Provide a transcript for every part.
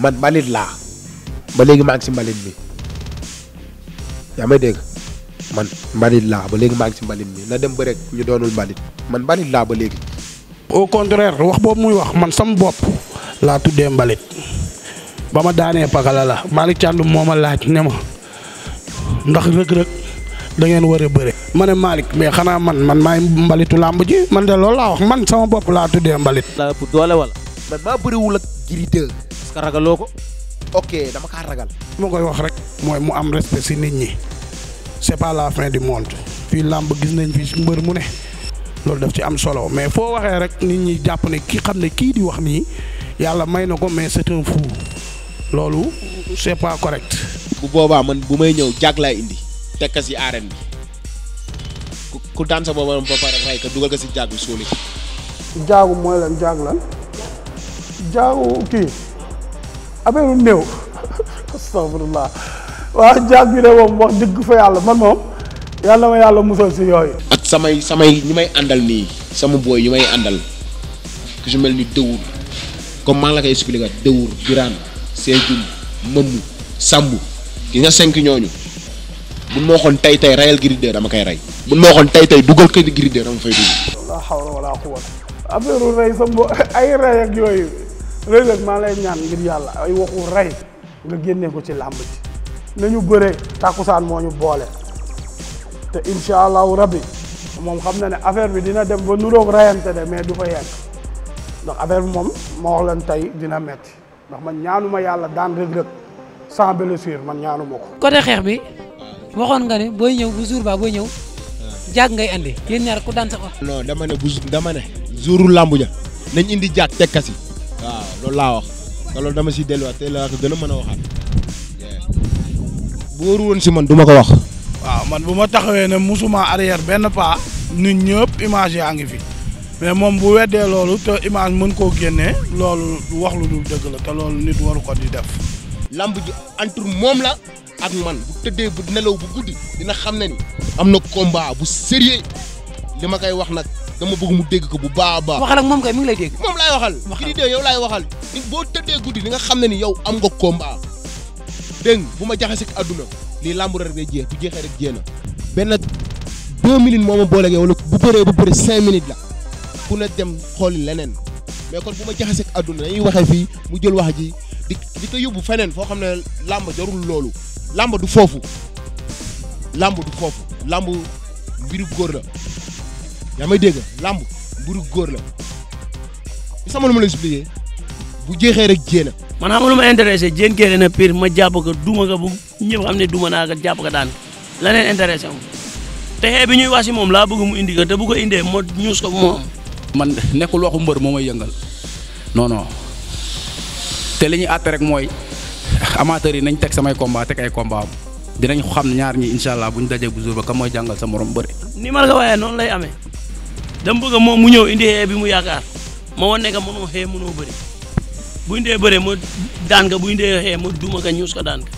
man mbalit laa ba léegi maa ngi si mbalit bi yaa ma dégg man mbalit laa ba léegi maa ngi si mbalit bi na dem ba rek ñu doonul mbalit man balit laa ba léegi. au contraire wax boobu muy wax man sama bopp laa tuddee mbalit ba ma daanee pagala ma laaj ne ma ndax da ngeen war a bëre. ma xanaa man man maay mbalitu man de loolu laa laa tuddee mbalit. maa bëriwul ak giri parce que ragaloo ko. ok dama kaa ragal. moo koy wax rek mooy mu am respect si nit ñi c'est pas la fin du monde fii làmb gis nañ fi mbër mu ne loolu daf ci am solo mais foo waxee rek nit ñi jàpp ne ki xam ne kii di wax nii yàlla may na ko mais c'est un fou loolu c'est pas correct. bu boobaa man bu may ñëw jag laay indi tekka si arène bi ku ku daan sa boobaa ba pare rey ka dugal ko si jàgg bi suuli. jaagu mooy lan jaag lan jaagu kii. affaire néew astafurlah waaw jaag bi de moom wax dëgg fa yàlla man moom yàlla ma yàlla musal si yooyu. ak samay samay ñi may àndal nii sama booy ñu may àndal ku si mel ni Dëwur comme maa la koy expliquer Dëwur Birane Seydou Mamou Samb gis nga cinq ñooñu buñ ma waxoon tey tey rayal Gris dama koy rey buñ ma waxoon tey tey dugal kër dama fay dugg. wala hawla wala quwwata affaire rey sa ay rey ak yooyu. Reug Reug maa lay ñaan ngir yàlla ay waxu rey nga génne ko ci làmb ji nañu bëree tàkkusaan moo ñu boole te incha allahu rabbi moom xam na ne affaire bi dina dem ba nuroog rayante de mais du fa yegg ndax affaire bi moom ma wax leen tey dina metti ndax man ñaanuma yàlla daan Reug Reug sans blessure man ñaanuma ko. côté xeex bi waxoon nga ne booy ñëw bu jour ba booy ñëw jaag ngay andi yéen ñaar ku daan sa non dama ne bu dama ne jouru làmb ja nañ indi jaag tekkasi loolu laa wax te loolu dama si delluwaat te laa ko gën a mën a waxaat bu wóoru si man duma ma ko wax. waaw man bu ma taxawee ne musuma arrière benn pas nit ñëpp image yaa ngi fi mais moom bu weddee loolu te image mën koo génnee loolu wax lu dul dëgg la te loolu nit waru ko di def. lamb ji entre moom la ak man bu tëddee bu nelaw bu guddi dina xam ne ni am na combat bu sérieux li ma koy wax nag. dama bëgg mu dégg ko bu baax a baax. waxal ak moom kay mi ngi lay dégg. moom laay waxal. waxal kii di yow waxal. ni boo tëddee guddi li nga xam ne ni yow am nga combat dégg bu ma jaxase ak àdduna lii làmb rek day jeex bu jeexee rek jéem a. benn deux minutes moo ma booleeg yow la bu bëree bu bëree cinq minutes la ku ne dem xooli leneen mais kon bu ma jaxase ak àdduna dañuy waxee fii mu jël wax ji di di ko yóbbu feneen foo xam ne làmb jarul loolu làmb du foofu làmb du foofu làmb mbiru góor la. yaa may dégg làmb mburu góor la sama lu ma la expliqué bu jeexee rek jéena. man xam lu ma intéressé jéen kee na pire ma jàpp ko duma ko bu ñëpp xam ne duma naa ko jàpp ko daan la leen intéressé am te xee bi ñuy wax si moom laa bëgg mu indi ko te bu ko indee moo ñuus ko moo man nekk waxu mbër moo may yëngal noono te li ñuy àtte rek mooy amateurs yi nañ teg samay combat teg ay combat am dinañ xam ñaar ñi incha allah bu ñu dajee bu jour ba kam mooy jàngal sa morom bëri. ni ma la ko noonu lay amee dam bëgg moom mu ñëw indi xee bi mu yaakaar ma wan ne que mënoo xee mënoo bu indee bëree ma daan ka bu ma duma ka ñuus ko daan ka.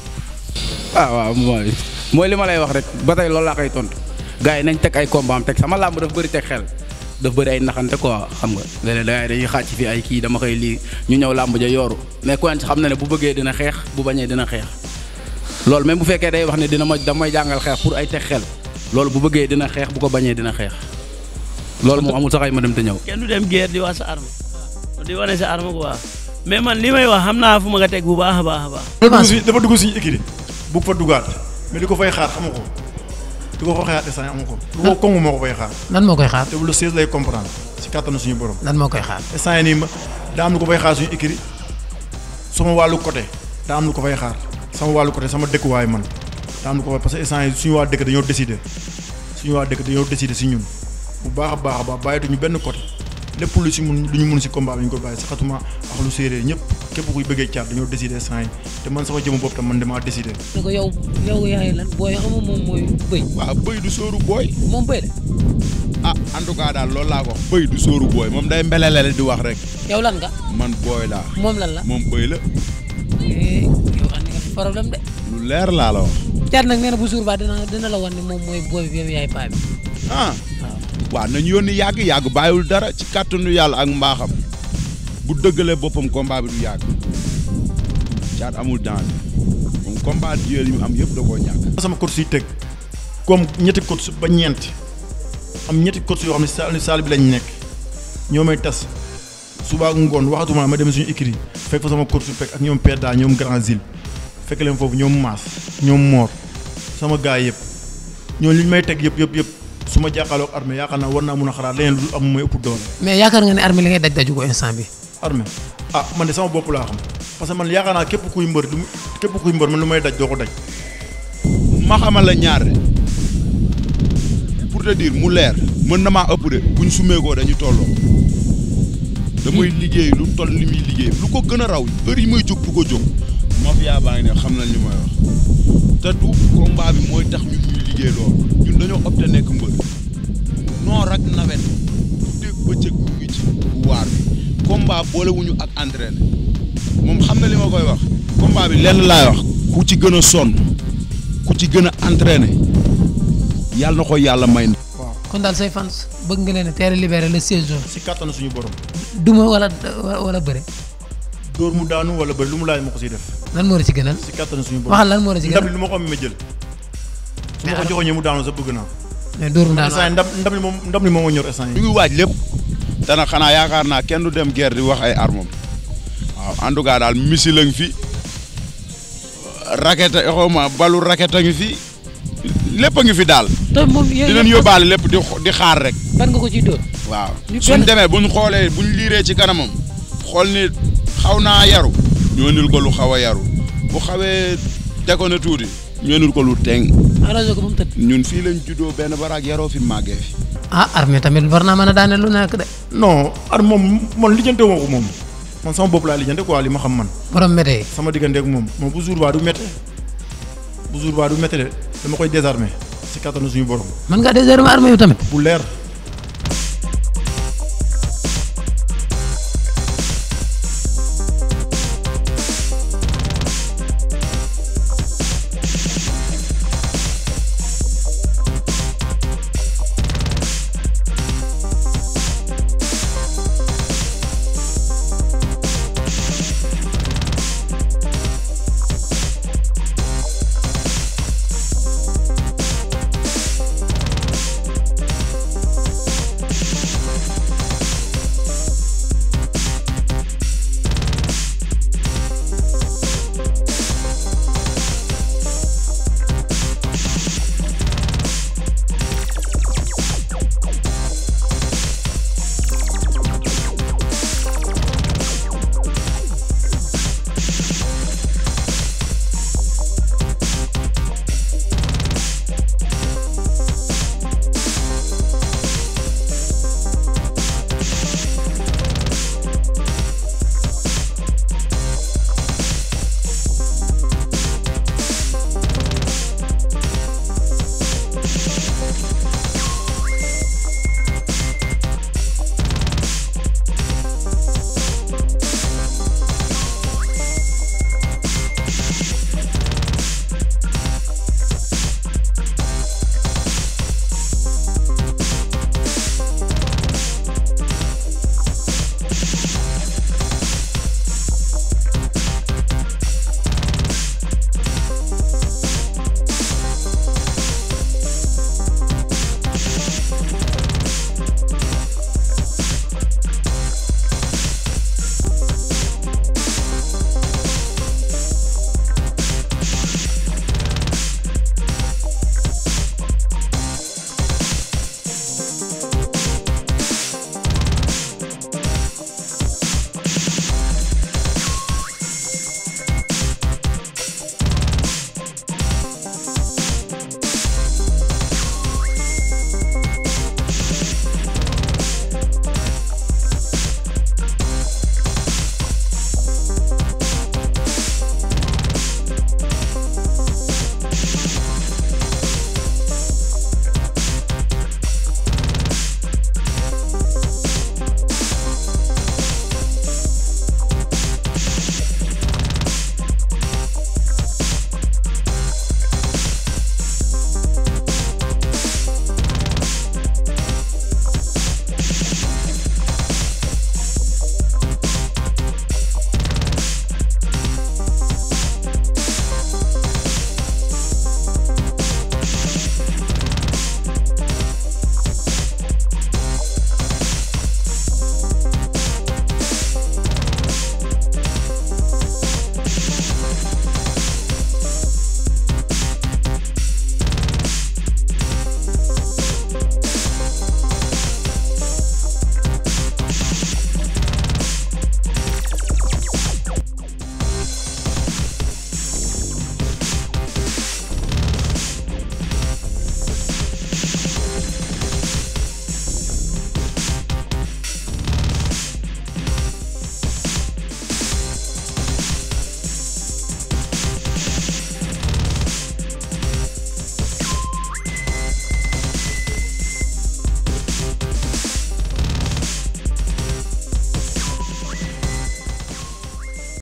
Ah, waaw mooy mooy li ma lay wax rek ba tey loolu laa koy tontu gaa yi nañ teg ay combat am teg sama làmb daf bëri teg xel daf bëri ay naxante quoi xam nga léeg-léeg da ngay dañuy xàcc fii ay kii dama koy lii ñu ñëw làmb ja yooru mais ku xam na ne bu bëggee dina xeex bu bañee dina xeex loolu même bu fekkee day wax ne dina ma damay jàngal xeex pour ay teg xel. loolu bu bëggee dina xeex bu ko bañee dina xeex. loolu moom amul sax ay ma dem te ñëw. kenn du dem guerre di wax sa arme di wane sa arme quoi mais man li may wax xam naa fu ma nga teg bu baax a baax a baax. dafa dugg si écurie bu fa duggaat mais li ko fay xaar xamu ko li ko ko xaar instant amu ko. lu ko kongu moo ko fay xaar. nan moo koy xaar te lu sees lay comprendre si kattanu suñu borom. nan moo koy xaar instant yii nii ma daa am lu ko fay xaar suñu écurie sama wàllu côté daa am lu ko fay xaar sama wàllu côté sama dëkkuwaay man tànn ko parce que instant yi suñu waa dëkk dañoo décider suñu waa dëkk dañoo décider si ñun bu baax a baax a baax bàyyituñu benn côté lépp lu si mun lu ñu mun si combat bi ñu ko bàyyi si xatuma ak lu séeréer ñëpp képp kuy bëggee caat dañoo décider instant te man sama jëmu bopp tam man damaa décider. ne ko yow yow yaay lan booy xam nga moom mooy bëy. waaw bëy du sóoru booy. moom bëy de. ah en tout cas daal loolu laa ko wax bëy du sóoru booy moom day mbelelele di wax rek. yow nga. man booy laa. moom lan la moom bëy la. Eh, leer laa caat nag nee bu jour ba dina la wan ni moom mooy booy bi yaay paa bi. ah waaw nañu yónni yàgg yàgg bàyyiwul dara ci kàttanu yàlla ak mbaaxam bu dëggalee boppam combat bi du yàgg caat amul danger moom combat duel yi mu am yëpp da koo ñàkk. sama course yi teg comme ñetti course ba ñeent am ñetti course yoo xam ne saal saal bi lañ nekk ñoo may tas suba ngoon waxatuma ma dem suñu écrit fekk fa sama course fekk ak ñoom Pedda ñoom Grand Zil fekk leen foofu ñoom Maas ñoom Mor. sama gars yëpp ñooñu li may teg yëpp yëpp yëpp su ma jàkkaarloog armée yaakaar naa war naa mën a xalaat leneen lu am may ëpp doole. mais yaakaar nga ne armée li ngay daj daju ko instant bi. armée ah man de sama bopp laa xam parce que man yaakaar naa képp kuy mbër képp kuy mbër man lu may daj doo ko daj. ma xamal la ñaar pour te mu leer mën na maa ëpp de buñ sumeekoo dañu tolloo damay hmm. liggéey lu tol li muy liggéey lu ko gën a raw heure yi jóg bu ko jóg mafia baa ngi xam nañ te du combat bi mooy tax ñu ñuy liggéey loolu ñun dañoo opté nekk mbër noor ak nawet dégg bëccëg bu ngi ci waar bi combat boolewuñu ak entraîné moom xam na li ma koy wax combat bi lenn laay wax ku ci gën a sonn ku ci gën a entraîné yàlla na ko yàlla may na. waaw kon daal say fans bëgg nga leen a teel a libéré le 16 si kattan suñu borom. duma wala wala bëre. dóor mu daanu wala bëri lu mu laaj ma ko siy def. lan moo la ci gënal. si kattan suñu borom waxal lan moo la ci gënal ndam li lu ma ko am ma jël. su ma ko joxoñee mu daanu sax bëgg naa. mais dóoru daanu instant ndam ndam li moom ndam li moom moo ñor instant yi. ñu ngi waaj lépp. dana xanaa yaakaar naa kenn du dem guerre di wax ay armam waaw en tout cas daal missile a ngi fi raquette xaw ma balu raquette a ngi fi lépp a ngi fi daal. te moom dinañ yóbbaale lépp di di xaar rek. ban nga ko ciy dóor. waaw suñ demee buñ xoolee buñ liiree ci kanamam xool ni xaw naa yaru. ñu indil ko lu xaw a yaru bu xawee deko na tuuti ñu indil ko lu teng. arrosé ko ba mu tëdd. ñun fii lañ juddoo benn baraag yaroo fi màggee fi. ah armée tamit war naa mën a daane lu nekk de. non ar moom man lijjante woo ko moom man sama bopp laa lijjante quoi li ma xam man. borom méttee. sama diggante moom moom bu jour baa du méttee bu jour baa du méttee de dama koy désarmer si kattanu suñu borom. mën ngaa désarmer armée tamit. bu leer.